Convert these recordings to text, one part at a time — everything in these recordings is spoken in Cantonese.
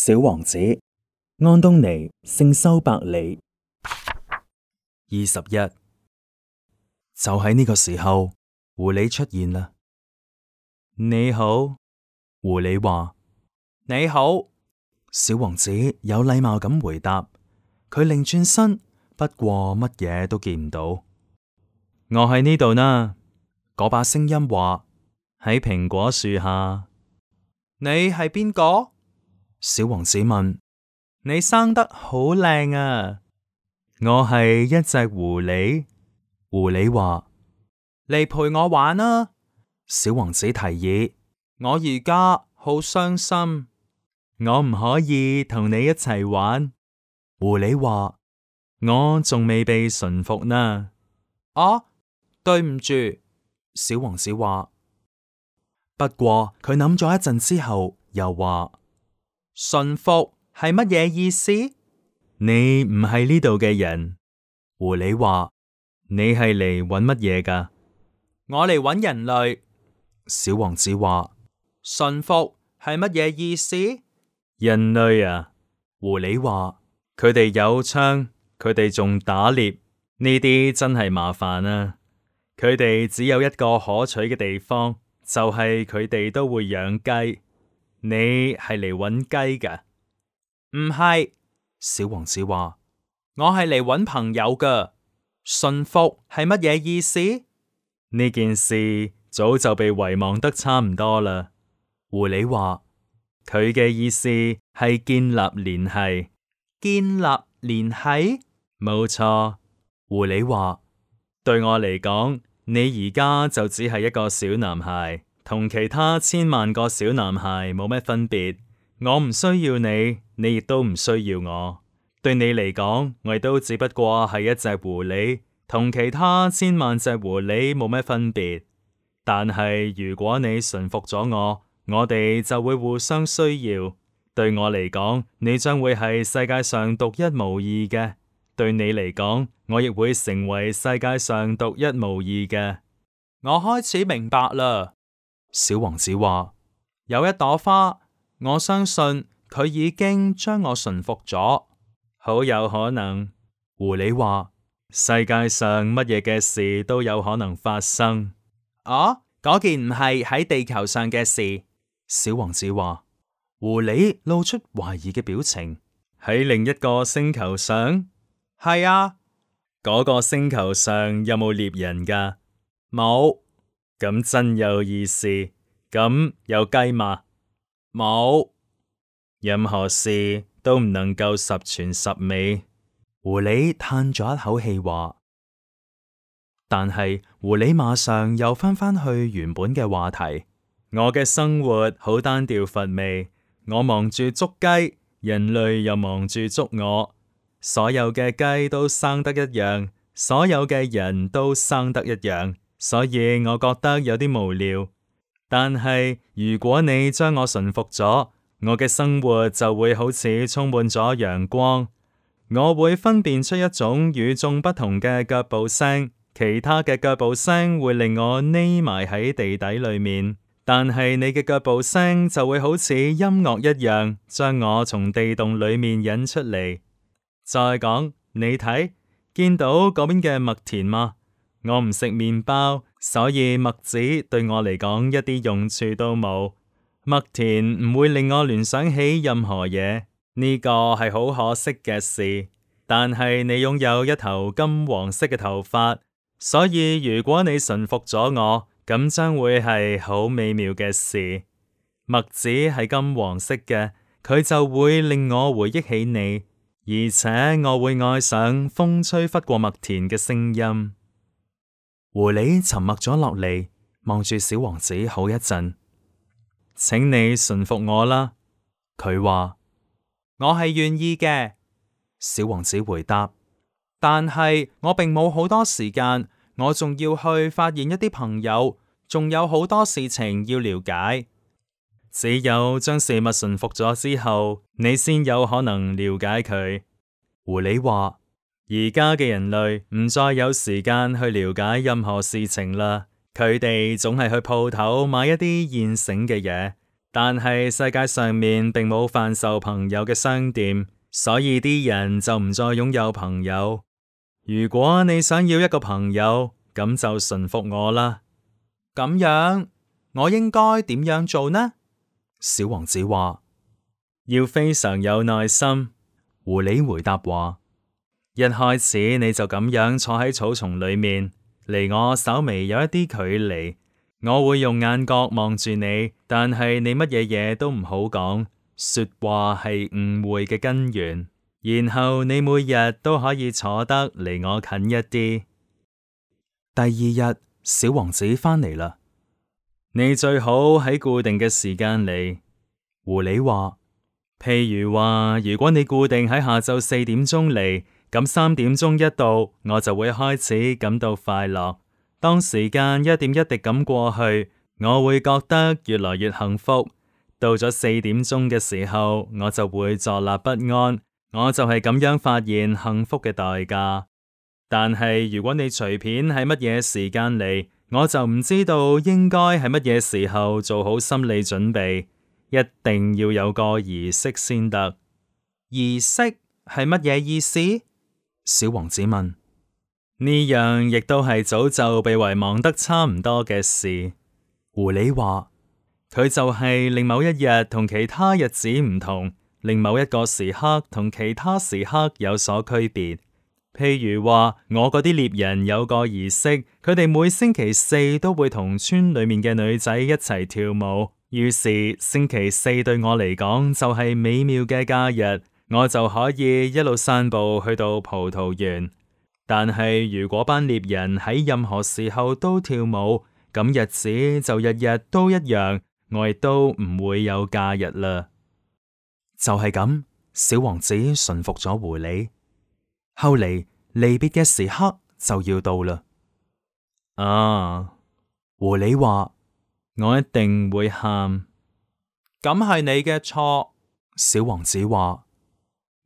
小王子安東尼聖修伯里。二十一，就喺呢個時候，狐狸出現啦。你好，狐狸話，你好，小王子有禮貌咁回答。佢擰轉身，不過乜嘢都見唔到。我喺呢度啦，嗰把聲音話，喺蘋果樹下。你係邊個？小王子問：你生得好靚啊！我係一隻狐狸。狐狸話：你陪我玩啦，啊！小王子提議：我而家好傷心，我唔可以同你一齊玩。狐狸話：我仲未被馴服呢。我、哦、對唔住。小王子話： 不過佢諗咗一陣之後，又話。馴服係乜嘢意思？你唔係呢度嘅人，狐狸話，你係嚟揾乜嘢噶？我嚟揾人類。小王子話：馴服係乜嘢意思？人類啊，狐狸話，佢哋有槍，佢哋仲打獵，呢啲真係麻煩啊！佢哋只有一個可取嘅地方，就係佢哋都會養雞。你係嚟揾雞㗎？唔係，小王子話我係嚟揾朋友㗎。馴服係乜嘢意思？呢件事早就被遺忘得差唔多啦。狐狸話，佢嘅意思係建立聯繫。建立聯繫？冇錯。狐狸話，對我嚟講，你而家就只係一個小男孩。同其他千萬個小男孩冇咩分別，我唔需要你，你亦都唔需要我。對你嚟講，我亦都只不過係一隻狐狸，同其他千萬隻狐狸冇咩分別。但係如果你馴服咗我，我哋就會互相需要。對我嚟講，你將會係世界上獨一無二嘅；對你嚟講，我亦會成為世界上獨一無二嘅。我開始明白啦。小王子話：有一朵花，我相信佢已經將我馴服咗，好有可能。狐狸話：世界上乜嘢嘅事都有可能發生。哦，嗰件唔係喺地球上嘅事。小王子話：狐狸露出懷疑嘅表情。喺另一個星球上，係啊，嗰個星球上有冇獵人㗎？冇。咁真有意思，咁有雞嗎？冇，任何事都唔能夠十全十美。狐狸嘆咗一口氣話，但係狐狸馬上又返返去原本嘅話題。我嘅生活好單調乏味，我忙住捉雞，人類又忙住捉我。所有嘅雞都生得一樣，所有嘅人都生得一樣。所以我覺得有啲無聊，但係如果你將我馴服咗，我嘅生活就會好似充滿咗陽光。我會分辨出一種與眾不同嘅腳步聲，其他嘅腳步聲會令我匿埋喺地底裏面，但係你嘅腳步聲就會好似音樂一樣，將我從地洞裏面引出嚟。再講，你睇見到嗰邊嘅麥田嗎？我唔食麵包，所以麥子對我嚟講一啲用處都冇。麥田唔會令我聯想起任何嘢，呢、這個係好可惜嘅事。但係你擁有一頭金黃色嘅頭髮，所以如果你馴服咗我，咁將會係好美妙嘅事。麥子係金黃色嘅，佢就會令我回憶起你，而且我會愛上風吹拂過麥田嘅聲音。狐狸沉默咗落嚟，望住小王子好一陣。請你馴服我啦，佢話，我係願意嘅。小王子回答。但係我並冇好多時間，我仲要去發現一啲朋友，仲有好多事情要了解。只有將事物馴服咗之後，你先有可能了解佢。狐狸話。而家嘅人類唔再有時間去了解任何事情啦，佢哋總係去鋪頭買一啲現成嘅嘢。但係世界上面並冇販售朋友嘅商店，所以啲人就唔再擁有朋友。如果你想要一個朋友，咁就馴服我啦。咁樣，我應該點樣做呢？小王子話：要非常有耐心。狐狸回答話。一開始你就咁樣坐喺草叢裏面，離我稍微有一啲距離。我會用眼角望住你，但係你乜嘢嘢都唔好講，說話係誤會嘅根源。然後你每日都可以坐得離我近一啲。第二日小王子返嚟啦，你最好喺固定嘅時間嚟。狐狸話，譬如話，如果你固定喺下晝四點鐘嚟。咁三點鐘一到，我就會開始感到快樂。當時間一點一滴咁過去，我會覺得越來越幸福。到咗四點鐘嘅時候，我就會坐立不安。我就係咁樣發現幸福嘅代價。但係如果你隨便喺乜嘢時間嚟，我就唔知道應該喺乜嘢時候做好心理準備。一定要有個儀式先得。儀式係乜嘢意思？小王子問：呢樣亦都係早就被遺忘得差唔多嘅事。狐狸話：佢就係令某一日同其他日子唔同，令某一個時刻同其他時刻有所區別。譬如話，我嗰啲獵人有個儀式，佢哋每星期四都會同村裏面嘅女仔一齊跳舞，於是星期四對我嚟講就係美妙嘅假日。我就可以一路散步去到葡萄園，但係如果班獵人喺任何時候都跳舞，咁日子就日日都一樣，我亦都唔會有假日啦。就係咁，小王子馴服咗狐狸。後嚟離別嘅時刻就要到啦。啊，狐狸話，我一定會喊。咁係你嘅錯。小王子話。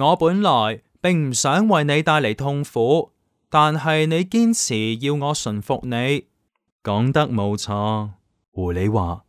我本來並唔想為你帶嚟痛苦，但係你堅持要我馴服你，講得冇錯。狐狸話，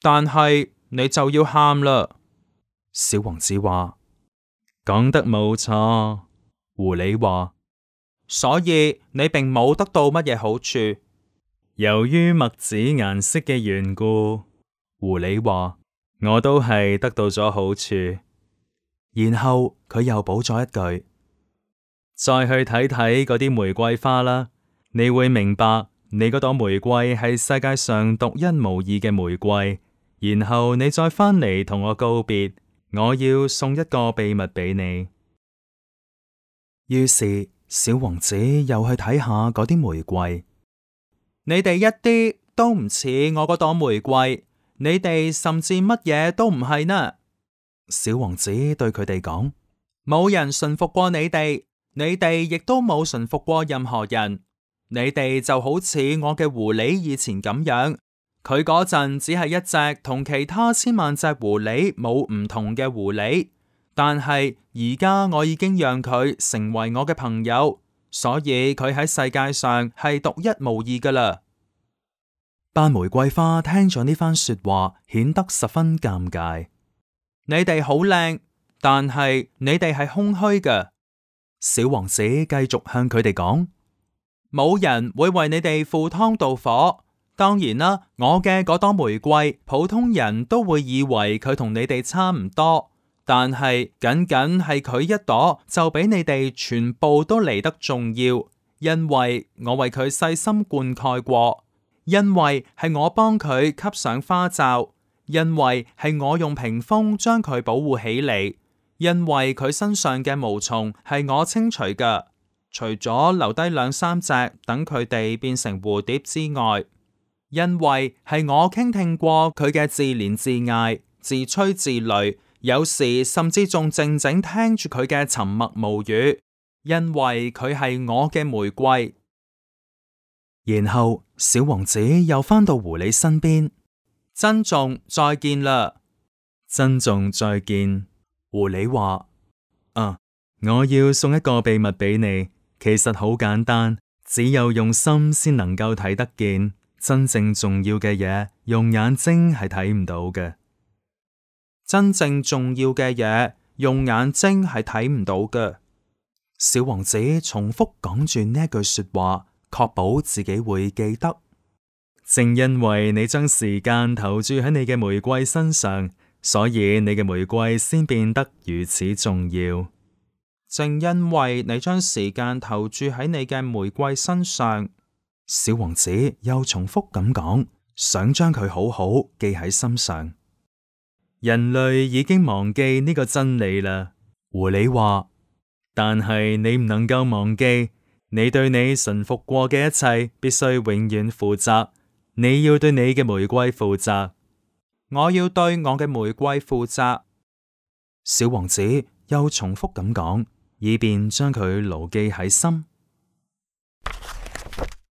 但係你就要喊啦。小王子話，講得冇錯。狐狸話，所以你並冇得到乜嘢好處。由於麥子顏色嘅緣故，狐狸話，我都係得到咗好處。然後佢又補咗一句：再去睇睇嗰啲玫瑰花啦，你會明白你嗰朵玫瑰係世界上獨一無二嘅玫瑰。然後你再返嚟同我告別，我要送一個秘密俾你。於是小王子又去睇下嗰啲玫瑰，你哋一啲都唔似我嗰朵玫瑰，你哋甚至乜嘢都唔係呢。小王子對佢哋講：冇人馴服過你哋，你哋亦都冇馴服過任何人。你哋就好似我嘅狐狸以前咁樣，佢嗰陣只係一隻同其他千萬隻狐狸冇唔同嘅狐狸。但係而家我已經讓佢成為我嘅朋友，所以佢喺世界上係獨一無二噶啦。白玫瑰花聽咗呢番說話，顯得十分尷尬。你哋好靚，但係你哋係空虛嘅。小王子繼續向佢哋講：冇人會為你哋赴湯蹈火。當然啦，我嘅嗰朵玫瑰，普通人都會以為佢同你哋差唔多，但係僅僅係佢一朵，就比你哋全部都嚟得重要，因為我為佢細心灌溉過，因為係我幫佢吸上花罩。因為係我用屏風將佢保護起嚟，因為佢身上嘅毛蟲係我清除嘅，除咗留低兩三隻等佢哋變成蝴蝶之外，因為係我傾聽過佢嘅自憐自艾、自吹自擂，有時甚至仲靜靜聽住佢嘅沉默無語，因為佢係我嘅玫瑰。然後，小王子又返到狐狸身邊。珍重，再見啦！珍重，再見。狐狸話：嗯、啊，我要送一個秘密俾你，其實好簡單，只有用心先能夠睇得見。真正重要嘅嘢，用眼睛係睇唔到嘅。真正重要嘅嘢，用眼睛係睇唔到嘅。小王子重複講住呢句說話，確保自己會記得。正因為你將時間投注喺你嘅玫瑰身上，所以你嘅玫瑰先變得如此重要。正因為你將時間投注喺你嘅玫瑰身上，小王子又重複咁講，想將佢好好記喺心上。人類已經忘記呢個真理啦，狐狸話，但係你唔能夠忘記，你對你馴服過嘅一切，必須永遠負責。你要對你嘅玫瑰負責，我要對我嘅玫瑰負責。小王子又重複咁講，以便將佢牢記喺心。